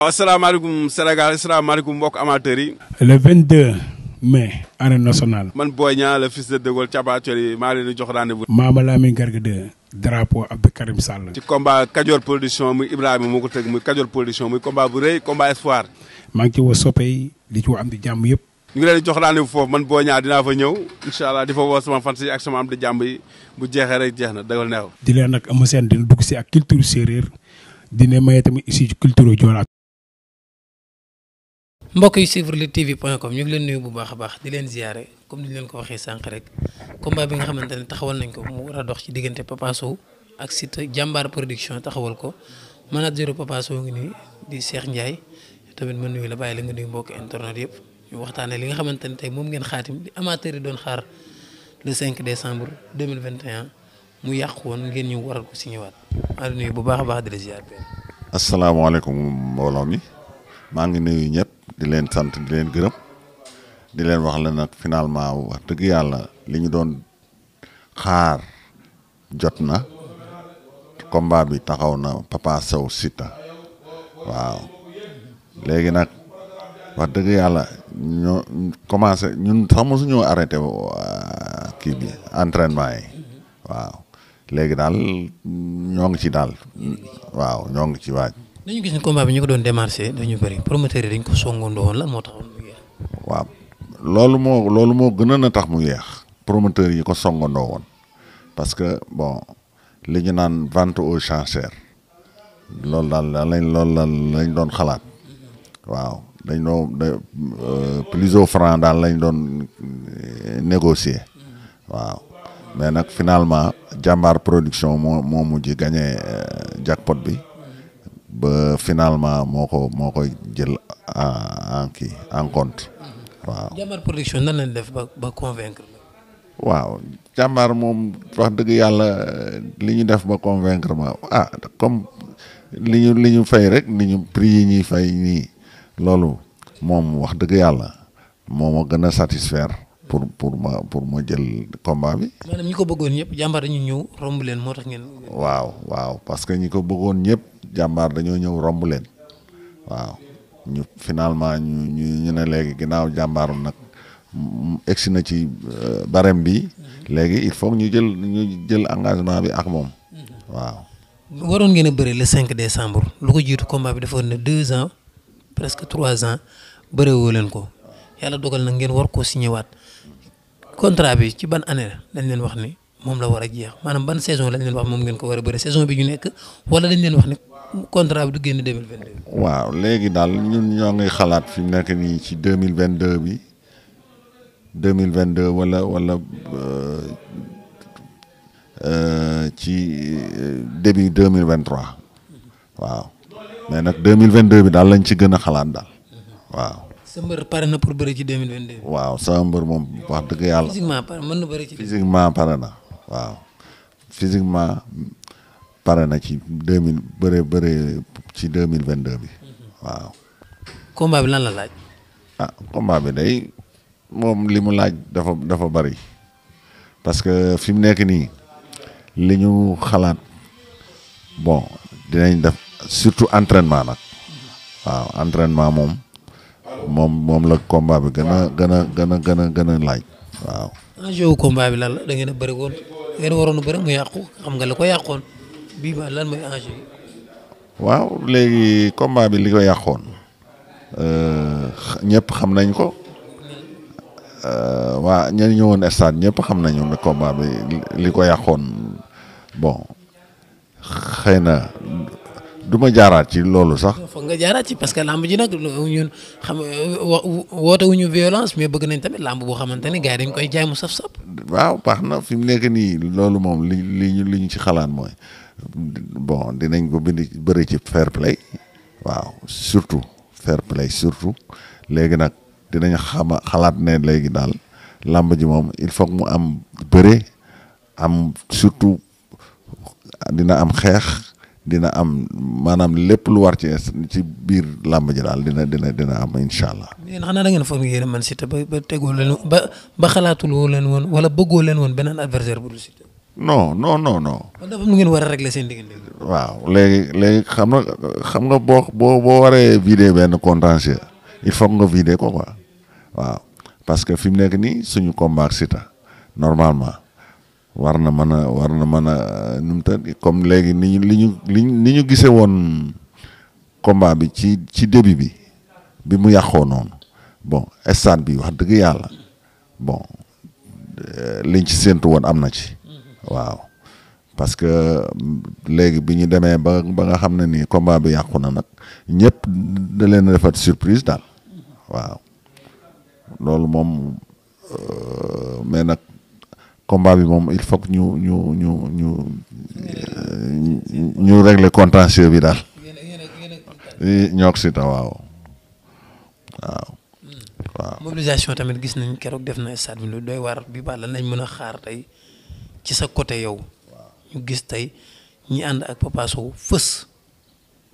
waaw asalaamaaleykum Sénégal asalaamaaleykum mbokk amateurs yi. le vingt 22 mai. arène nationale. man Boy Niang le fils de De Gaulle Thiapathioly yi maa leen di jox rendez-vous. Mama Lamine Garga 2 drapeau Abdou Karim Sall. ci combat Kajoor production muy Ibrahima moo ko tëgg muy Kajoor production muy combat bu rëy combat espoir. maa ngi ci woo soppe di ci woo am di jàmm yëpp. ñu ngi leen jox rendez-vous foofu man Boy Niang dinaa fa ñëw incha allah di fa sama fans yi ak sama am di jàmm yi bu jeexee jeex na dëggal neex. di leen nag am seen dina dugg si ak culture séeréer dina maye tamit si culture Joola mbokk yu suivre Lutte TV point com ñu ngi leen nuyu bu baax a baax di leen ziare comme ni ñu leen ko waxee sànq rek combat bi nga xamante taxawal nañ ko mu war a dox ci diggante Papa Sow ak Siteu jàmbaar production taxawal ko manager Papa Sow ngi nuy di Cheikh Ndiaye tamit ma nuyu la bàyyi la nga nuyu mbokk internet yëpp ñu waxtaanee li nga xamante ne tey moom ngeen xaatim li amateur yi doon xaar le 5 décembre 2021 mu yàq woon ngeen ñu waral ko si ñëwaat maa ngi bu baax a baax di la ziar. asalaamaaleykum mbooloo mi maa ngi nuyu ñëpp. di leen sant di leen gërëm di leen wax la nag finalement wax dëgg yàlla li ñu doon xaar jot na combat bi taxaw na Papa Sow Siteu waaw léegi nag wax dëgg yàlla ñoo commencé ñun sax mosuñoo arrêté euh, kii bi entraînement yi waaw léegi daal ñoo ngi ci daal waaw ñoo ngi ci waaj dañu gis ne combat bi ñu ko doon démarché dañu bëri promoteur yi dañ ko songandoo woon la moo taxoon mu waaw loolu moo loolu moo gënoon a tax mu yeex promoteur yi ko songandoo woon parce que bon li ñu naan vente aux enchères loolu daal lañ loolu daal lañ doon xalaat waaw dañ doon euh, plusieurs francs daal lañ doon euh, négocier waaw mais nag finalement jàmbaar production moo moo mujj gagné euh, jackpot bi. ba finalement moo ko moo koy jël en kii en compte waaw. jàmbaar def ba ba convaincre. waaw jàmbaar moom wax dëgg yàlla li ñu def ba convaincre ma ah comme li ñu li ñu fay rek li ñu prix yi ñuy fay nii loolu moom wax dëgg yàlla moo ma gën a satisfaire pour pour ma pour ma jël combat bi. maanaam ñi ko bëggoon ñëpp jàmbaar ñu ñëw romb leen moo tax ngeen. waaw waaw parce que ñi ko bëggoon ñëpp. jàmbaar dañoo ñëw romb leen waaw ñu finalement ñu ñu ñu ne léegi ginnaaw jàmbaaru nag egsi na ci euh, barème bi léegi il faut ñu jël ñu jël engagement bi ak moom waaw. waroon ngeen bëre le cinq décembre lu ko jiitu combat bi defoon na deux ans presque trois ans bëre woo leen ko yàlla dogal na ngeen war koo si waat contrat bi ci ban année lañ leen wax ni moom la war a jeex maanaam ban saison lañ leen wax moom ngeen ko war a bëre saison bi ñu nekk wala lañ leen wax contrat bi du génn 2022. waaw léegi daal ñun ñoo ngi xalaat fi mu nekk nii ci mille deux bi 2022 wala wala euh, euh, ci euh, début 2023 waaw mais nag mille 2022 bi daal lañ ci gën a xalaat daal waaw. sa pare na pour bëri ci 2022. waaw sa mbër moom wax dëgg yàlla. physiquement pare mën na bëri ci. physiquement pare na waaw physiquement. pare na ci deux mille bëree bëree ci deux mille vingt deux bi mhm. waaw. combat bi la laaj. ah combat bi day moom li mu laaj dafa dafa bari parce que fi mu nekk nii li ñu xalaat bon dinañ def surtout entraînement nag waaw entraînement moom moom moom la combat bi gën a gën a gën a gën gën a laaj waaw. enjeu combat bi lan la da ngeen a bëri woon da ngeen waroon a nga la ko yàqoon. bii ba waaw léegi combat bi li ko yàqoon euh, ñëpp xam nañ ko euh, waa ña ñëwoon stade ñëpp xam nañu ne combat bi li ko yàqoon bon xëy na duma jaaraat ci loolu sax. foog nga jaaraat ci parce que làmb ji nag xam woote wu ñu violence mais bëgg nañ tamit làmb boo xamante ne gars yi dañ koy jaay mu saf-saf. waaw baax na fi mu nekk nii loolu moom li li ñu li ñu ci xalaat mooy. bon dinañ ko bind bëri ci fair play waaw surtout fair play surtout léegi nag dinañ xama xalaat ne léegi daal làmb ji moom il faut mu am bëre am surtout dina am xeex dina am maanaam lépp lu war ci ci biir làmb ji daal dina dina dina am incha allah. yéen xanaa da ngeen ba tegoo leen ba ba xalaatuloo leen woon wala bëggoo leen woon beneen adversaire bu dul Siteu non non non non. ngeen war a régler seen diggante. waaw léegi léegi xam nga xam nga boo boo boo waree vider benn contentieux il faut nga vider ko quoi waaw parce que fi mu nekk nii suñu combat ak Siteu normalement war na mën a war na mën a nu mu comme léegi ni ñu li ñu li ni ñu gisee woon combat bi ci ci début bi bi mu yàqoo noonu bon stade bi wax dëgg yàlla bon euh, liñ ci séntu woon am na ci. waaw parce que mm, léegi bi ñu demee ba ba nga xam ne nii combat bi yàqu na nag ñëpp da leen defat surprise daal waaw loolu moom euh, mais nag combat bi moom il faut ñu ñu ñu ñu euh, ñu régler contentieux bi daal ñoo si ta waaw waaw. Hmm. waaw tamit gis nañ keroog def na stade bi lu doy waar bi baax lan lañ mën a xaar tey. ci sa côté yow ñu gis tey ñi ànd ak Papa fës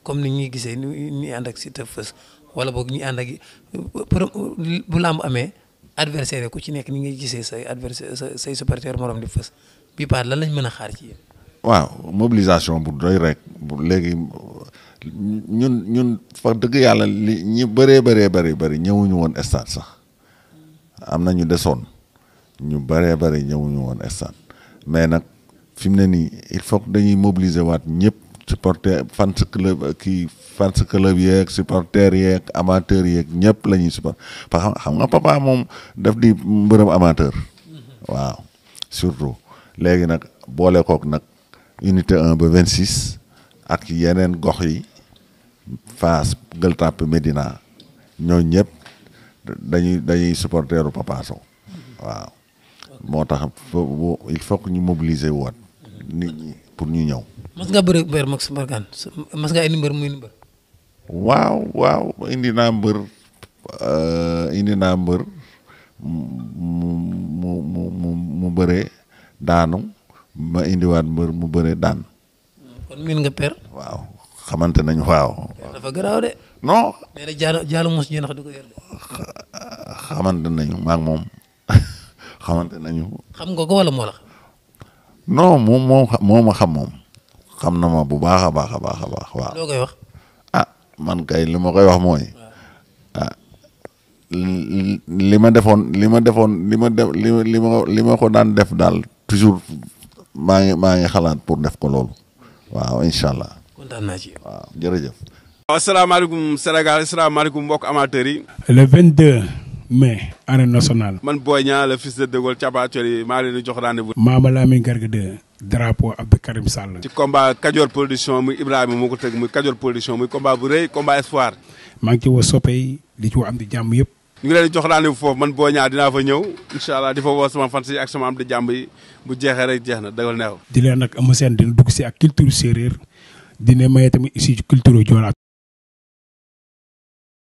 comme ni ñuy gisee ñi ànd ak Siteu fës wala boog ñi ànd ak bu làmb amee adversaire ku ci nekk ni ngay gisee say adversaire say say supporter morom di fës bi part lan lañ mën a xaar ci yéen. waaw mobilisation bu doy rek léegi ñun ñun fa dëgg yàlla li ñi bëree bëree bëri ñëwuñu woon stade sax am na ñu desoon ñu bëree bëri ñëwuñu woon stade. mais nag fi mu ne nii il faut dañuy mobiliser waat ñëpp supporter fans club kii fans club yeeg supporter yeeg amateur yeeg ñëpp la ñuy support parce que xam nga papa moom def di mbërëm amateur waaw surtout léegi nag boole kook nag unité 1 ba 26 ak yeneen gox yi Fass Gueule Tapée Médina ñoo ñëpp dañuy dañuy supporteru Papa Sow waaw moo tax il faut ñu mobiliser waat nit ñi pour ñu ñëw. mas nga bëri mbër Max Mbargane mas nga indi mbër muy mbër. waaw indi mbër indi naa euh, mu bëree daanu ma indiwaat mbër mu bëree daan. kon miin nga per. waaw xamante nañ waaw. dafa garaaw de. non. mais nag jaalo mos ñëw ndax du xamante nañu maa moom. xamante nañu. xam nga ko wala moo moom moo moo xam moom. xam na ma bu baax a baax a baax a baax waaw. Ah, man kay li ma koy wax mooy. ah li ma defoon li ma defoon li ma def li ma li ma li ma ko daan def daal toujours maa ngi maa ngi xalaat pour def ko loolu. waaw incha allah. kontaan naa ci waaw jërëjëf. waaw asalaamaaleykum Sénégal asalaamaaleykum mbokk amateurs yi. le 22. mais arène nationale. man Boy Niang la fils de De Gaulle maa leen di jox rendez-vous. Mama Lamine Garga 2 drapeau Abdou Karim Sall. ci combat Kajoor production muy Ibrahima moo ko tëgg muy Kajoor production muy combat bu rëy combat espoir. maa ngi ci woo soppe yi di ci woo am di jàmm yëpp. ñu ngi leen jox rendez-vous foofu man Boy Niang dinaa fa ñëw incha allah di fa woo sama fans yi ak sama am di jàmm yi bu jeexee rek jeex na dëggal neexul. di leen nag am seen dina dugg si ak culture séeréer dina maye tamit ici culture